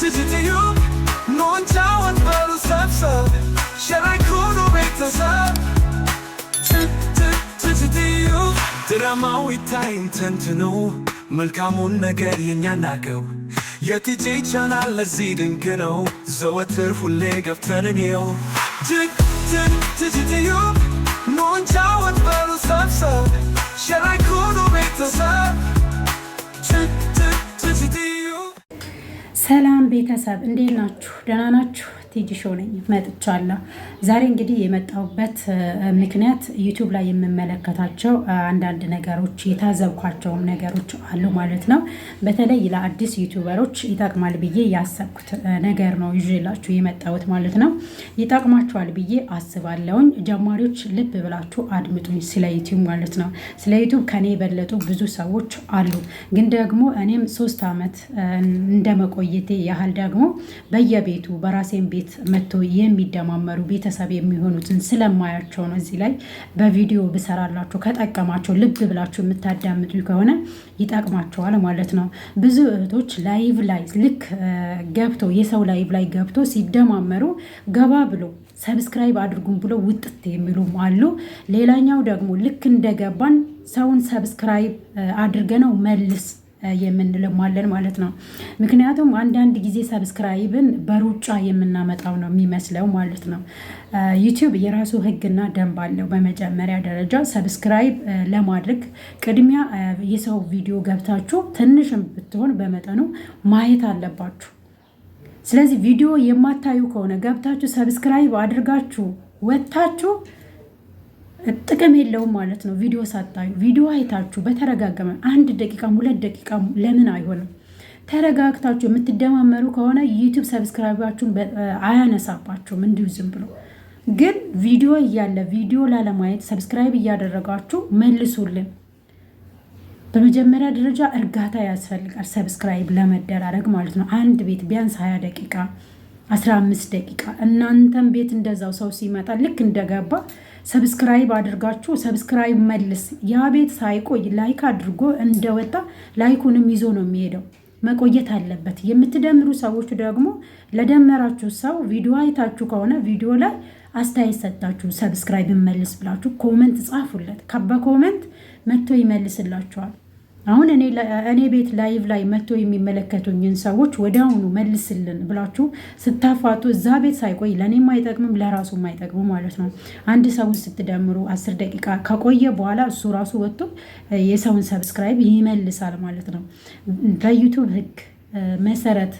ትዝትዩብ ኖንጫ ወንበሩ ሰብሰብ ሸራይኩኑ ቤተሰብ ትዝትዩብ ድራማው ይታይ ተንትኖ መልካሙን ነገር የኛ ናገው የቲጂ ቻናል ለዚህ ድንቅ ነው። ዘወትር ሁሌ ገብተን እንየው። ሰላም ቤተሰብ እንዴት ናችሁ? ደህና ናችሁ? ቲጂ ሾ ነኝ መጥቻለሁ። ዛሬ እንግዲህ የመጣሁበት ምክንያት ዩቱብ ላይ የምመለከታቸው አንዳንድ ነገሮች የታዘብኳቸውም ነገሮች አሉ ማለት ነው። በተለይ ለአዲስ ዩቱበሮች ይጠቅማል ብዬ ያሰብኩት ነገር ነው ይዤላችሁ የመጣሁት ማለት ነው። ይጠቅማችኋል ብዬ አስባለሁኝ። ጀማሪዎች ልብ ብላችሁ አድምጡኝ፣ ስለ ዩቱብ ማለት ነው። ስለ ዩቱብ ከኔ የበለጡ ብዙ ሰዎች አሉ። ግን ደግሞ እኔም ሶስት ዓመት እንደመቆየቴ ያህል ደግሞ በየቤቱ በራሴን ቤት መጥቶ የሚደማመሩ ቤተሰብ ቤተሰብ የሚሆኑትን ስለማያቸው ነው። እዚህ ላይ በቪዲዮ ብሰራላችሁ ከጠቀማቸው ልብ ብላችሁ የምታዳምጡ ከሆነ ይጠቅማቸዋል ማለት ነው። ብዙ እህቶች ላይቭ ላይ ልክ ገብተው የሰው ላይቭ ላይ ገብቶ ሲደማመሩ ገባ ብሎ ሰብስክራይብ አድርጉም ብሎ ውጥት የሚሉ አሉ። ሌላኛው ደግሞ ልክ እንደገባን ሰውን ሰብስክራይብ አድርገነው መልስ የምንለማለን ማለት ነው። ምክንያቱም አንዳንድ ጊዜ ሰብስክራይብን በሩጫ የምናመጣው ነው የሚመስለው ማለት ነው። ዩቲዩብ የራሱ ህግና ደንብ አለው። በመጀመሪያ ደረጃ ሰብስክራይብ ለማድረግ ቅድሚያ የሰው ቪዲዮ ገብታችሁ ትንሽም ብትሆን በመጠኑ ማየት አለባችሁ። ስለዚህ ቪዲዮ የማታዩ ከሆነ ገብታችሁ ሰብስክራይብ አድርጋችሁ ወጥታችሁ ጥቅም የለውም ማለት ነው። ቪዲዮ ሳታዩ ቪዲዮ አይታችሁ በተረጋገመ አንድ ደቂቃም ሁለት ደቂቃም ለምን አይሆንም? ተረጋግታችሁ የምትደማመሩ ከሆነ ዩቱብ ሰብስክራይባችሁን አያነሳባችሁም እንዲሁ ዝም ብሎ። ግን ቪዲዮ እያለ ቪዲዮ ላለማየት ሰብስክራይብ እያደረጋችሁ መልሱልን። በመጀመሪያ ደረጃ እርጋታ ያስፈልጋል፣ ሰብስክራይብ ለመደራረግ ማለት ነው። አንድ ቤት ቢያንስ ሀያ ደቂቃ አስራ አምስት ደቂቃ እናንተም ቤት እንደዛው ሰው ሲመጣ ልክ እንደገባ ሰብስክራይብ አድርጋችሁ ሰብስክራይብ መልስ። ያ ቤት ሳይቆይ ላይክ አድርጎ እንደወጣ ላይኩንም ይዞ ነው የሚሄደው። መቆየት አለበት። የምትደምሩ ሰዎች ደግሞ ለደመራችሁ ሰው ቪዲዮ አይታችሁ ከሆነ ቪዲዮ ላይ አስተያየት ሰጣችሁ ሰብስክራይብ መልስ ብላችሁ ኮመንት ጻፉለት። ከበኮመንት መጥቶ ይመልስላችኋል። አሁን እኔ ቤት ላይቭ ላይ መጥቶ የሚመለከቱኝን ሰዎች ወደ አሁኑ መልስልን ብላችሁ ስታፋቱ እዛ ቤት ሳይቆይ ለእኔ ማይጠቅምም ለራሱ አይጠቅሙ ማለት ነው። አንድ ሰውን ስትደምሩ አስር ደቂቃ ከቆየ በኋላ እሱ ራሱ ወጥቶ የሰውን ሰብስክራይብ ይመልሳል ማለት ነው። በዩቱብ ህግ መሰረት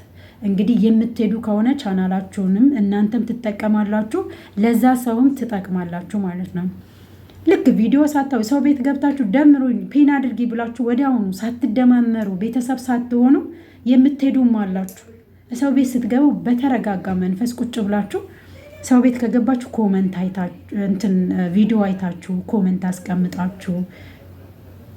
እንግዲህ የምትሄዱ ከሆነ ቻናላችሁንም እናንተም ትጠቀማላችሁ፣ ለዛ ሰውም ትጠቅማላችሁ ማለት ነው። ልክ ቪዲዮ ሳታዩ ሰው ቤት ገብታችሁ ደምሩኝ ፒን አድርጊ ብላችሁ ወዲያውኑ ሳትደማመሩ ቤተሰብ ሳትሆኑ የምትሄዱም አላችሁ። ሰው ቤት ስትገቡ በተረጋጋ መንፈስ ቁጭ ብላችሁ ሰው ቤት ከገባችሁ ኮመንት እንትን ቪዲዮ አይታችሁ ኮመንት አስቀምጣችሁ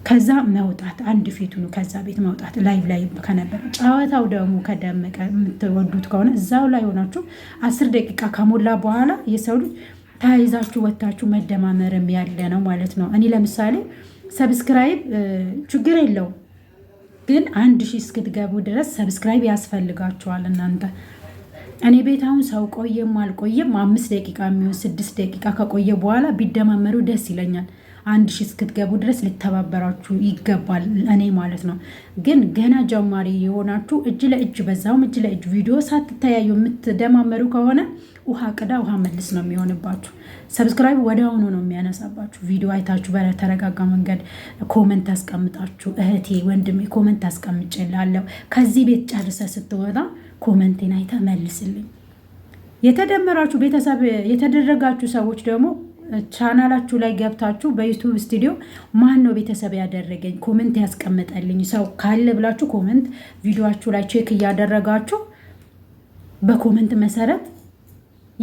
ከዛ መውጣት አንድ ፊቱ ነው። ከዛ ቤት መውጣት ላይቭ ላይ ከነበረ ጨዋታው ደግሞ ከደመቀ የምትወዱት ከሆነ እዛው ላይ ሆናችሁ አስር ደቂቃ ከሞላ በኋላ የሰው ልጅ ተያይዛችሁ ወታችሁ መደማመርም ያለ ነው ማለት ነው። እኔ ለምሳሌ ሰብስክራይብ ችግር የለውም ግን አንድ ሺህ እስክትገቡ ድረስ ሰብስክራይብ ያስፈልጋችኋል። እናንተ እኔ ቤት አሁን ሰው ቆየም አልቆየም አምስት ደቂቃ የሚሆን ስድስት ደቂቃ ከቆየ በኋላ ቢደማመሩ ደስ ይለኛል። አንድ ሺ እስክትገቡ ድረስ ሊተባበራችሁ ይገባል። እኔ ማለት ነው። ግን ገና ጀማሪ የሆናችሁ እጅ ለእጅ በዛውም እጅ ለእጅ ቪዲዮ ሳትተያዩ የምትደማመሩ ከሆነ ውሃ ቅዳ ውሃ መልስ ነው የሚሆንባችሁ። ሰብስክራይብ ወደ ነው የሚያነሳባችሁ። ቪዲዮ አይታችሁ በተረጋጋ መንገድ ኮመንት አስቀምጣችሁ እህቴ ወንድሜ ኮመንት አስቀምጭላለሁ ከዚህ ቤት ጨርሰ ስትወጣ ኮመንቴን አይተ መልስልኝ። የተደመራችሁ ቤተሰብ የተደረጋችሁ ሰዎች ደግሞ ቻናላችሁ ላይ ገብታችሁ በዩቱብ ስቱዲዮ ማን ነው ቤተሰብ ያደረገኝ ኮመንት ያስቀምጠልኝ ሰው ካለ ብላችሁ ኮመንት ቪዲዮችሁ ላይ ቼክ እያደረጋችሁ በኮመንት መሰረት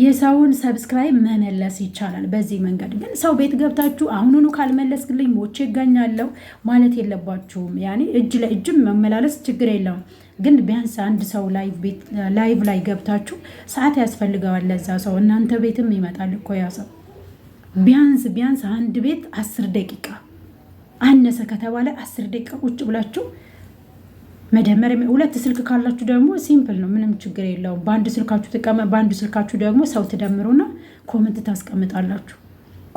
የሰውን ሰብስክራይብ መመለስ ይቻላል። በዚህ መንገድ ግን ሰው ቤት ገብታችሁ አሁኑኑ ካልመለስልኝ ሞቼ ይገኛለሁ ማለት የለባችሁም። ያኔ እጅ ለእጅም መመላለስ ችግር የለውም። ግን ቢያንስ አንድ ሰው ላይቭ ላይ ገብታችሁ ሰዓት ያስፈልገዋል ለዛ ሰው። እናንተ ቤትም ይመጣል እኮ ያ ሰው ቢያንስ ቢያንስ አንድ ቤት አስር ደቂቃ አነሰ ከተባለ አስር ደቂቃ ቁጭ ብላችሁ መደመር ሁለት ስልክ ካላችሁ ደግሞ ሲምፕል ነው፣ ምንም ችግር የለውም። በአንድ ስልካችሁ ተቀመ በአንድ ስልካችሁ ደግሞ ሰው ትደምሩና ኮመንት ታስቀምጣላችሁ።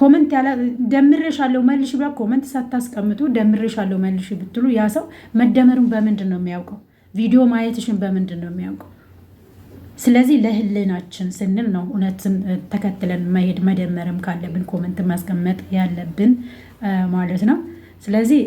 ኮመንት ያለ ደምሬሻለሁ መልሽ ብላ ኮመንት ሳታስቀምጡ ደምሬሻለሁ መልሽ ብትሉ ያ ሰው መደመሩን በምንድን ነው የሚያውቀው? ቪዲዮ ማየትሽን በምንድን ነው የሚያውቀው? ስለዚህ ለህልናችን ስንል ነው እውነትን ተከትለን መሄድ መደመርም ካለብን ኮመንት ማስቀመጥ ያለብን ማለት ነው። ስለዚህ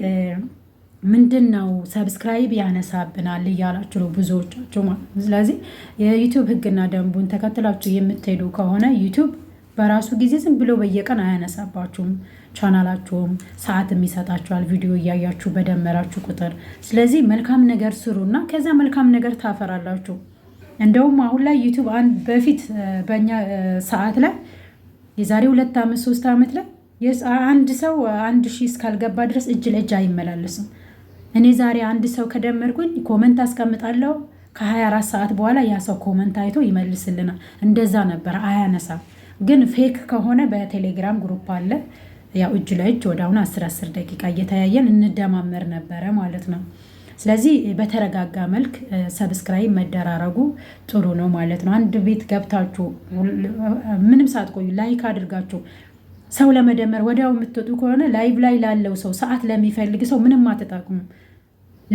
ምንድን ነው ሰብስክራይብ ያነሳብናል እያላችሁ ነው ብዙዎቻችሁ ማለት ነው። ስለዚህ የዩቱብ ህግና ደንቡን ተከትላችሁ የምትሄዱ ከሆነ ዩቱብ በራሱ ጊዜ ዝም ብሎ በየቀን አያነሳባችሁም። ቻናላችሁም ሰዓትም ይሰጣችኋል ቪዲዮ እያያችሁ በደመራችሁ ቁጥር። ስለዚህ መልካም ነገር ስሩ እና ከዚያ መልካም ነገር ታፈራላችሁ። እንደውም አሁን ላይ ዩቱብ አንድ በፊት በእኛ ሰዓት ላይ የዛሬ ሁለት ዓመት ሶስት ዓመት ላይ አንድ ሰው አንድ ሺህ እስካልገባ ድረስ እጅ ለእጅ አይመላለስም። እኔ ዛሬ አንድ ሰው ከደመርኩኝ ኮመንት አስቀምጣለሁ። ከ24 ሰዓት በኋላ ያ ሰው ኮመንት አይቶ ይመልስልናል። እንደዛ ነበር፣ አያነሳም። ግን ፌክ ከሆነ በቴሌግራም ግሩፕ አለ፣ ያው እጅ ለእጅ ወደ አሁን 10 10 ደቂቃ እየተያየን እንደማመር ነበረ ማለት ነው። ስለዚህ በተረጋጋ መልክ ሰብስክራይብ መደራረጉ ጥሩ ነው ማለት ነው። አንድ ቤት ገብታችሁ ምንም ሳትቆዩ ላይክ አድርጋችሁ ሰው ለመደመር ወዲያው የምትወጡ ከሆነ ላይቭ ላይ ላለው ሰው ሰዓት ለሚፈልግ ሰው ምንም አትጠቅሙም።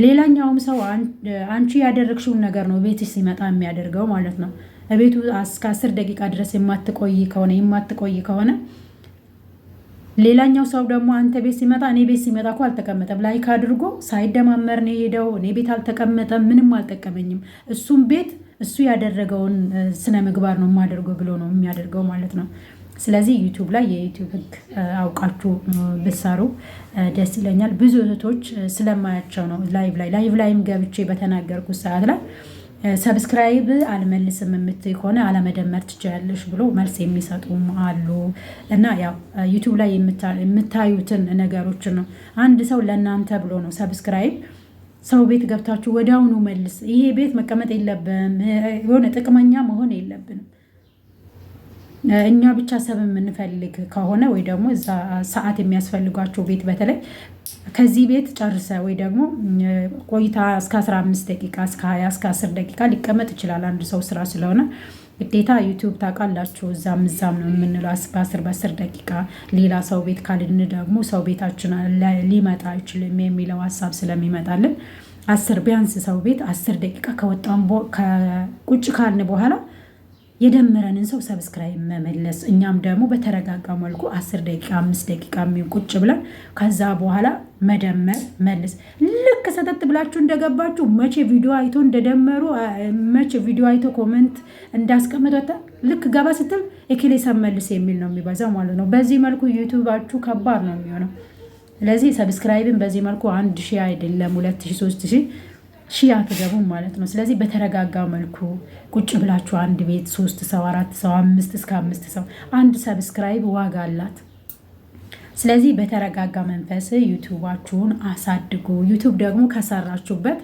ሌላኛውም ሰው አንቺ ያደረግሽውን ነገር ነው ቤትሽ ሲመጣ የሚያደርገው ማለት ነው። ቤቱ እስከ አስር ደቂቃ ድረስ የማትቆይ ከሆነ የማትቆይ ከሆነ ሌላኛው ሰው ደግሞ አንተ ቤት ሲመጣ እኔ ቤት ሲመጣ እኮ አልተቀመጠም፣ ላይክ አድርጎ ሳይደማመር ነው የሄደው። እኔ ቤት አልተቀመጠም፣ ምንም አልጠቀመኝም፣ እሱም ቤት እሱ ያደረገውን ስነ ምግባር ነው የማደርገው ብሎ ነው የሚያደርገው ማለት ነው። ስለዚህ ዩቱብ ላይ የዩቱብ ህግ አውቃችሁ ብትሰሩ ደስ ይለኛል። ብዙ እህቶች ስለማያቸው ነው ላይቭ ላይ ላይቭ ላይም ገብቼ በተናገርኩት ሰዓት ላይ ሰብስክራይብ አልመልስም የምትይ ከሆነ አለመደመር ትችያለሽ ብሎ መልስ የሚሰጡም አሉ። እና ያው ዩቱብ ላይ የምታዩትን ነገሮችን ነው። አንድ ሰው ለእናንተ ብሎ ነው ሰብስክራይብ ሰው ቤት ገብታችሁ ወዲያውኑ መልስ፣ ይሄ ቤት መቀመጥ የለብንም የሆነ ጥቅመኛ መሆን የለብንም እኛ ብቻ ሰብ የምንፈልግ ከሆነ ወይ ደግሞ እዛ ሰዓት የሚያስፈልጓቸው ቤት በተለይ ከዚህ ቤት ጨርሰ ወይ ደግሞ ቆይታ እስከ 15 ደቂቃ እስከ 20 እስከ 10 ደቂቃ ሊቀመጥ ይችላል። አንድ ሰው ስራ ስለሆነ ግዴታ ዩቲዩብ ታውቃላችሁ፣ እዛም እዛም ነው የምንለው። በ10 በ10 ደቂቃ ሌላ ሰው ቤት ካልን ደግሞ ሰው ቤታችን ሊመጣ አይችልም የሚለው ሀሳብ ስለሚመጣልን አስር ቢያንስ ሰው ቤት አስር ደቂቃ ከወጣን ቁጭ ካልን በኋላ የደመረንን ሰው ሰብስክራይብ መመለስ፣ እኛም ደግሞ በተረጋጋ መልኩ አስር ደቂቃ አምስት ደቂቃ የሚሆን ቁጭ ብለን ከዛ በኋላ መደመር መልስ። ልክ ሰተት ብላችሁ እንደገባችሁ መቼ ቪዲዮ አይቶ እንደደመሩ መቼ ቪዲዮ አይቶ ኮመንት እንዳስቀመጠ ልክ ገባ ስትል የኬሌሳን መልስ የሚል ነው የሚበዛው ማለት ነው። በዚህ መልኩ ዩቱባችሁ ከባድ ነው የሚሆነው። ስለዚህ ሰብስክራይብን በዚህ መልኩ አንድ ሺህ አይደለም ሁለት ሺህ ሶስት ሺህ ሺህ አትገቡም ማለት ነው። ስለዚህ በተረጋጋ መልኩ ቁጭ ብላችሁ አንድ ቤት ሶስት ሰው አራት ሰው አምስት እስከ አምስት ሰው አንድ ሰብስክራይብ ዋጋ አላት። ስለዚህ በተረጋጋ መንፈስ ዩቱባችሁን አሳድጉ። ዩቱብ ደግሞ ከሰራችሁበት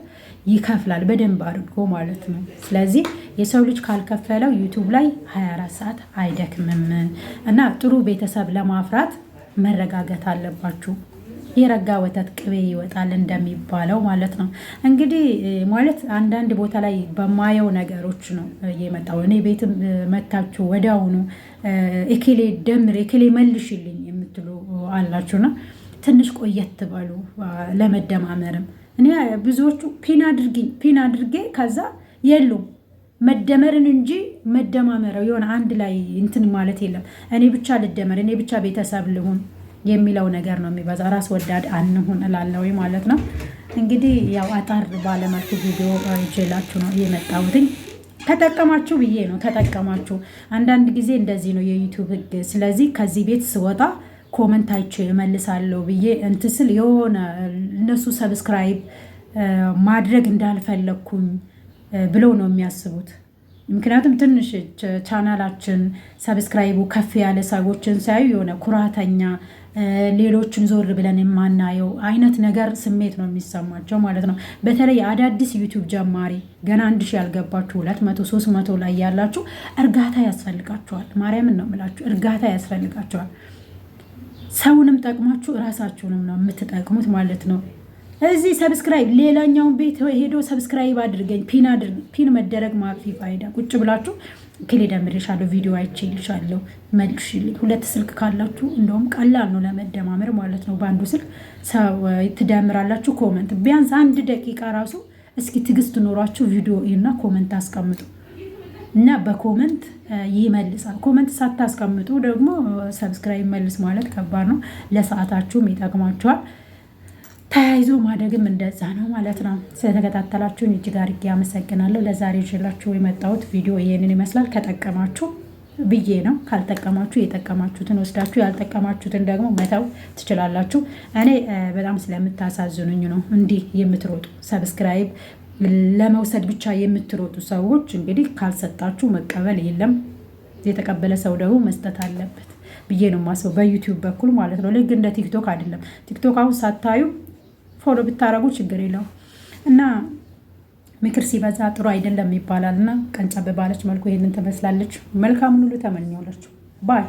ይከፍላል በደንብ አድርጎ ማለት ነው። ስለዚህ የሰው ልጅ ካልከፈለው ዩቱብ ላይ 24 ሰዓት አይደክምም እና ጥሩ ቤተሰብ ለማፍራት መረጋጋት አለባችሁ። የረጋ ወተት ቅቤ ይወጣል እንደሚባለው ማለት ነው። እንግዲህ ማለት አንዳንድ ቦታ ላይ በማየው ነገሮች ነው የመጣው። እኔ ቤትም መታችሁ ወዲያውኑ እክሌ ደምር እክሌ መልሽልኝ የምትሉ አላችሁና ትንሽ ቆየት በሉ ለመደማመርም። እኔ ብዙዎቹ ፒን አድርጊኝ ፒን አድርጌ ከዛ የሉም መደመርን እንጂ መደማመረው የሆነ አንድ ላይ እንትን ማለት የለም። እኔ ብቻ ልደመር፣ እኔ ብቻ ቤተሰብ ልሁን የሚለው ነገር ነው የሚበዛ። ራስ ወዳድ አንሁን እላለሁ ማለት ነው። እንግዲህ ያው አጠር ባለመልኩ ቪዲዮ ይዤላችሁ ነው የመጣሁትኝ። ተጠቀማችሁ ብዬ ነው። ተጠቀማችሁ አንዳንድ ጊዜ እንደዚህ ነው የዩቱብ ህግ። ስለዚህ ከዚህ ቤት ስወጣ ኮመንት አይቼ እመልሳለሁ ብዬ እንትን ስል የሆነ እነሱ ሰብስክራይብ ማድረግ እንዳልፈለግኩኝ ብለው ነው የሚያስቡት። ምክንያቱም ትንሽ ቻናላችን ሰብስክራይቡ ከፍ ያለ ሰዎችን ሲያዩ የሆነ ኩራተኛ ሌሎችን ዞር ብለን የማናየው አይነት ነገር ስሜት ነው የሚሰማቸው ማለት ነው። በተለይ አዳዲስ ዩቱብ ጀማሪ ገና አንድ ሺህ ያልገባችሁ ሁለት መቶ ሶስት መቶ ላይ ያላችሁ እርጋታ ያስፈልጋችኋል። ማርያምን ነው የምላችሁ፣ እርጋታ ያስፈልጋችኋል። ሰውንም ጠቅማችሁ እራሳችሁንም ነው የምትጠቅሙት ማለት ነው። እዚህ ሰብስክራይብ፣ ሌላኛውን ቤት ሄዶ ሰብስክራይብ አድርገኝ፣ ፒን አድርገኝ። ፒን መደረግ ማፊ ፋይዳ። ቁጭ ብላችሁ ክሌ ደምሬሻለሁ፣ ቪዲዮ አይቼ ይልሻለሁ፣ መልሽልኝ። ሁለት ስልክ ካላችሁ እንደውም ቀላል ነው ለመደማመር ማለት ነው። በአንዱ ስልክ ትደምራላችሁ። ኮመንት ቢያንስ አንድ ደቂቃ ራሱ እስኪ ትግስት ኖሯችሁ ቪዲዮ እና ኮመንት አስቀምጡ እና በኮመንት ይመልሳል። ኮመንት ሳታስቀምጡ ደግሞ ሰብስክራይብ መልስ ማለት ከባድ ነው። ለሰዓታችሁም ይጠቅማችኋል። ተያይዞ ማደግም እንደዛ ነው ማለት ነው። ስለተከታተላችሁን እጅግ አድርጌ አመሰግናለሁ። ለዛሬ ይዤላችሁ የመጣሁት ቪዲዮ ይሄንን ይመስላል። ከጠቀማችሁ ብዬ ነው። ካልጠቀማችሁ የጠቀማችሁትን ወስዳችሁ ያልጠቀማችሁትን ደግሞ መተው ትችላላችሁ። እኔ በጣም ስለምታሳዝኑኝ ነው እንዲህ የምትሮጡ ሰብስክራይብ ለመውሰድ ብቻ የምትሮጡ ሰዎች እንግዲህ ካልሰጣችሁ መቀበል የለም። የተቀበለ ሰው ደግሞ መስጠት አለበት ብዬ ነው ማስበው፣ በዩቲዩብ በኩል ማለት ነው። ልክ እንደ ቲክቶክ አይደለም። ቲክቶክ አሁን ሳታዩ ፎሎ ብታረጉ ችግር የለው እና ምክር ሲበዛ ጥሩ አይደለም ይባላል እና ቀንጨብ ባለች መልኩ ይህንን ትመስላለች። መልካሙን ሁሉ ተመኘውላችሁ ባይ